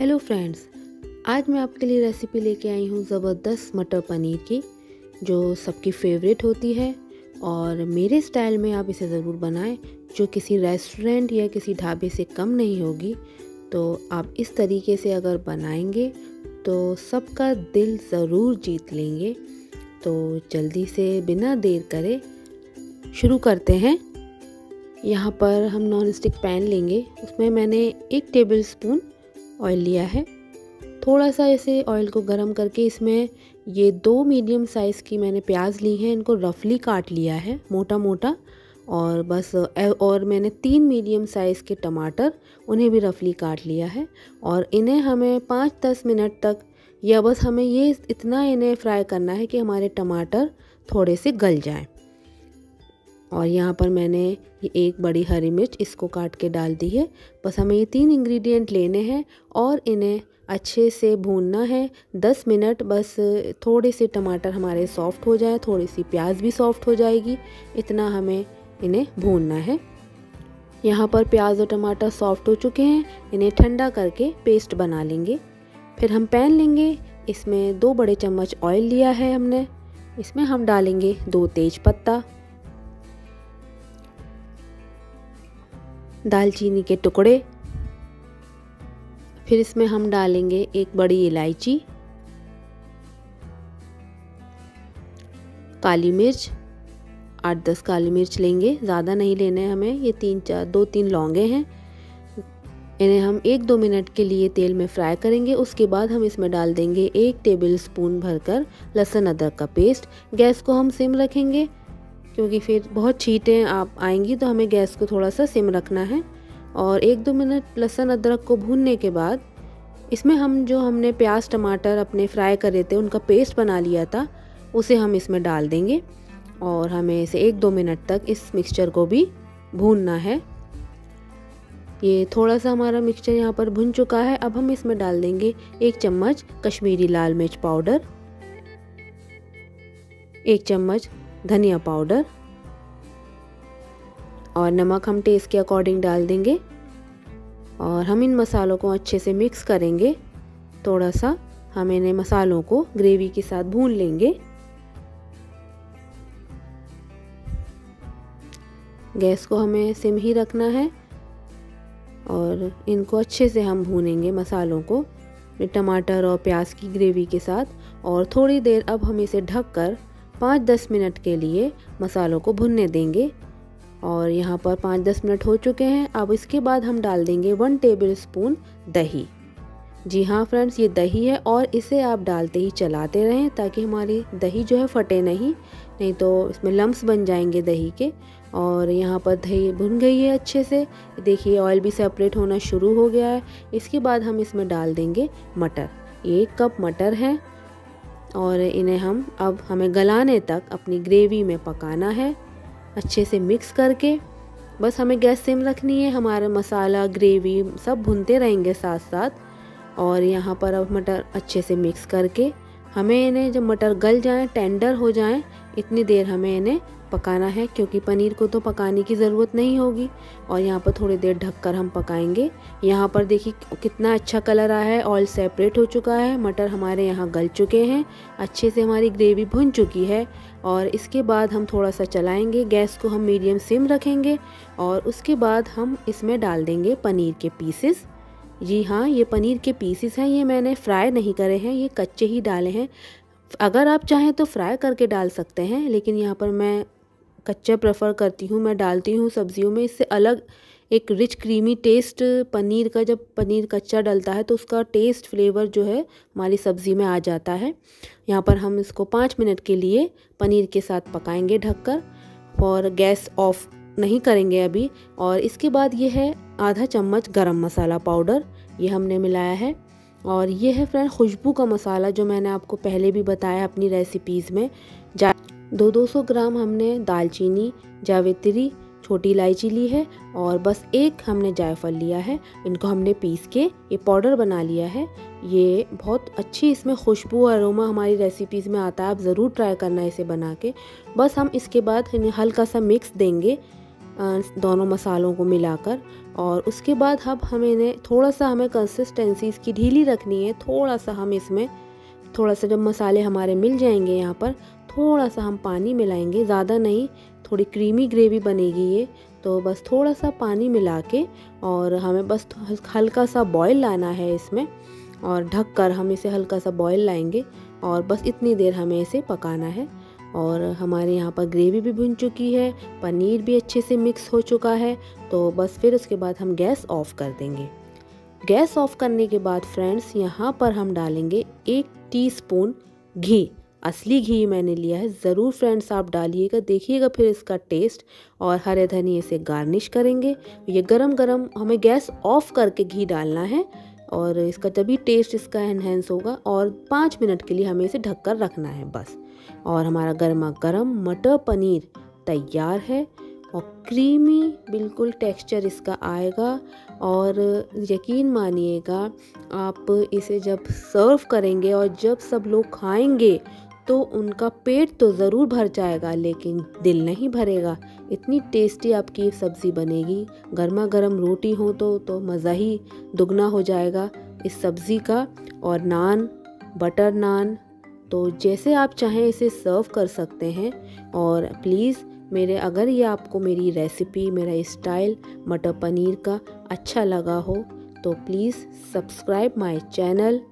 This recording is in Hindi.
हेलो फ्रेंड्स आज मैं आपके लिए रेसिपी लेके आई हूँ ज़बरदस्त मटर पनीर की जो सबकी फेवरेट होती है और मेरे स्टाइल में आप इसे ज़रूर बनाएं जो किसी रेस्टोरेंट या किसी ढाबे से कम नहीं होगी तो आप इस तरीके से अगर बनाएंगे तो सबका दिल ज़रूर जीत लेंगे तो जल्दी से बिना देर करे शुरू करते हैं यहाँ पर हम नॉन स्टिक पैन लेंगे उसमें मैंने एक टेबल स्पून ऑयल लिया है थोड़ा सा इसे ऑयल को गर्म करके इसमें ये दो मीडियम साइज़ की मैंने प्याज ली है इनको रफली काट लिया है मोटा मोटा और बस और मैंने तीन मीडियम साइज़ के टमाटर उन्हें भी रफली काट लिया है और इन्हें हमें पाँच दस मिनट तक या बस हमें ये इतना इन्हें फ्राई करना है कि हमारे टमाटर थोड़े से गल जाएं और यहाँ पर मैंने ये एक बड़ी हरी मिर्च इसको काट के डाल दी है बस हमें ये तीन इंग्रेडिएंट लेने हैं और इन्हें अच्छे से भूनना है 10 मिनट बस थोड़े से टमाटर हमारे सॉफ्ट हो जाए थोड़ी सी प्याज भी सॉफ्ट हो जाएगी इतना हमें इन्हें भूनना है यहाँ पर प्याज और टमाटर सॉफ्ट हो चुके हैं इन्हें ठंडा करके पेस्ट बना लेंगे फिर हम पैन लेंगे इसमें दो बड़े चम्मच ऑयल लिया है हमने इसमें हम डालेंगे दो तेज पत्ता दालचीनी के टुकड़े फिर इसमें हम डालेंगे एक बड़ी इलायची काली मिर्च आठ दस काली मिर्च लेंगे ज़्यादा नहीं लेने हमें ये तीन चार दो तीन लौंगे हैं इन्हें हम एक दो मिनट के लिए तेल में फ्राई करेंगे उसके बाद हम इसमें डाल देंगे एक टेबल स्पून भरकर लहसुन अदरक का पेस्ट गैस को हम सिम रखेंगे क्योंकि फिर बहुत छीटें आप आएंगी तो हमें गैस को थोड़ा सा सिम रखना है और एक दो मिनट लहसुन अदरक को भूनने के बाद इसमें हम जो हमने प्याज टमाटर अपने फ्राई करे थे उनका पेस्ट बना लिया था उसे हम इसमें डाल देंगे और हमें इसे एक दो मिनट तक इस मिक्सचर को भी भूनना है ये थोड़ा सा हमारा मिक्सचर यहाँ पर भुन चुका है अब हम इसमें डाल देंगे एक चम्मच कश्मीरी लाल मिर्च पाउडर एक चम्मच धनिया पाउडर और नमक हम टेस्ट के अकॉर्डिंग डाल देंगे और हम इन मसालों को अच्छे से मिक्स करेंगे थोड़ा सा हम इन्हें मसालों को ग्रेवी के साथ भून लेंगे गैस को हमें सिम ही रखना है और इनको अच्छे से हम भूनेंगे मसालों को टमाटर और प्याज की ग्रेवी के साथ और थोड़ी देर अब हम इसे ढककर पाँच दस मिनट के लिए मसालों को भुनने देंगे और यहाँ पर पाँच दस मिनट हो चुके हैं अब इसके बाद हम डाल देंगे वन टेबल स्पून दही जी हाँ फ्रेंड्स ये दही है और इसे आप डालते ही चलाते रहें ताकि हमारी दही जो है फटे नहीं नहीं तो इसमें लम्स बन जाएंगे दही के और यहाँ पर दही भुन गई है अच्छे से देखिए ऑयल भी सेपरेट होना शुरू हो गया है इसके बाद हम इसमें डाल देंगे मटर एक कप मटर है और इन्हें हम अब हमें गलाने तक अपनी ग्रेवी में पकाना है अच्छे से मिक्स करके बस हमें गैस सिम रखनी है हमारा मसाला ग्रेवी सब भुनते रहेंगे साथ साथ और यहाँ पर अब मटर अच्छे से मिक्स करके हमें इन्हें जब मटर गल जाए टेंडर हो जाए इतनी देर हमें इन्हें पकाना है क्योंकि पनीर को तो पकाने की ज़रूरत नहीं होगी और यहाँ पर थोड़ी देर ढककर हम पकाएंगे यहाँ पर देखिए कितना अच्छा कलर आया है ऑयल सेपरेट हो चुका है मटर हमारे यहाँ गल चुके हैं अच्छे से हमारी ग्रेवी भुन चुकी है और इसके बाद हम थोड़ा सा चलाएंगे गैस को हम मीडियम सिम रखेंगे और उसके बाद हम इसमें डाल देंगे पनीर के पीसेस जी हाँ ये पनीर के पीसीस हैं ये मैंने फ्राई नहीं करे हैं ये कच्चे ही डाले हैं अगर आप चाहें तो फ्राई करके डाल सकते हैं लेकिन यहाँ पर मैं कच्चे प्रेफर करती हूँ मैं डालती हूँ सब्जियों में इससे अलग एक रिच क्रीमी टेस्ट पनीर का जब पनीर कच्चा डलता है तो उसका टेस्ट फ्लेवर जो है हमारी सब्ज़ी में आ जाता है यहाँ पर हम इसको पाँच मिनट के लिए पनीर के साथ पकाएंगे ढककर और गैस ऑफ नहीं करेंगे अभी और इसके बाद ये है आधा चम्मच गरम मसाला पाउडर ये हमने मिलाया है और ये है फ्रेंड खुशबू का मसाला जो मैंने आपको पहले भी बताया अपनी रेसिपीज़ में जा दो दो सौ ग्राम हमने दालचीनी जावित्री छोटी इलायची ली है और बस एक हमने जायफल लिया है इनको हमने पीस के ये पाउडर बना लिया है ये बहुत अच्छी इसमें खुशबू अरोमा हमारी रेसिपीज़ में आता है आप ज़रूर ट्राई करना इसे बना के बस हम इसके बाद इन्हें हल्का सा मिक्स देंगे दोनों मसालों को मिलाकर और उसके बाद हम हमें इन्हें थोड़ा सा हमें कंसिस्टेंसी इसकी ढीली रखनी है थोड़ा सा हम इसमें थोड़ा सा जब मसाले हमारे मिल जाएंगे यहाँ पर थोड़ा सा हम पानी मिलाएंगे ज़्यादा नहीं थोड़ी क्रीमी ग्रेवी बनेगी ये तो बस थोड़ा सा पानी मिला के और हमें बस हल्का सा बॉयल लाना है इसमें और ढक कर हम इसे हल्का सा बॉयल लाएंगे और बस इतनी देर हमें इसे पकाना है और हमारे यहाँ पर ग्रेवी भी भुन चुकी है पनीर भी अच्छे से मिक्स हो चुका है तो बस फिर उसके बाद हम गैस ऑफ़ कर देंगे गैस ऑफ करने के बाद फ्रेंड्स यहाँ पर हम डालेंगे एक टीस्पून घी असली घी मैंने लिया है ज़रूर फ्रेंड्स आप डालिएगा देखिएगा फिर इसका टेस्ट और हरे धनिए से गार्निश करेंगे ये गरम गरम हमें गैस ऑफ करके घी डालना है और इसका तभी टेस्ट इसका एनहेंस होगा और पाँच मिनट के लिए हमें इसे ढककर रखना है बस और हमारा गर्मा गर्म मटर पनीर तैयार है और क्रीमी बिल्कुल टेक्सचर इसका आएगा और यकीन मानिएगा आप इसे जब सर्व करेंगे और जब सब लोग खाएंगे तो उनका पेट तो ज़रूर भर जाएगा लेकिन दिल नहीं भरेगा इतनी टेस्टी आपकी सब्ज़ी बनेगी गर्मा गर्म रोटी हो तो तो मज़ा ही दुगना हो जाएगा इस सब्ज़ी का और नान बटर नान तो जैसे आप चाहें इसे सर्व कर सकते हैं और प्लीज़ मेरे अगर ये आपको मेरी रेसिपी मेरा स्टाइल मटर पनीर का अच्छा लगा हो तो प्लीज़ सब्सक्राइब माय चैनल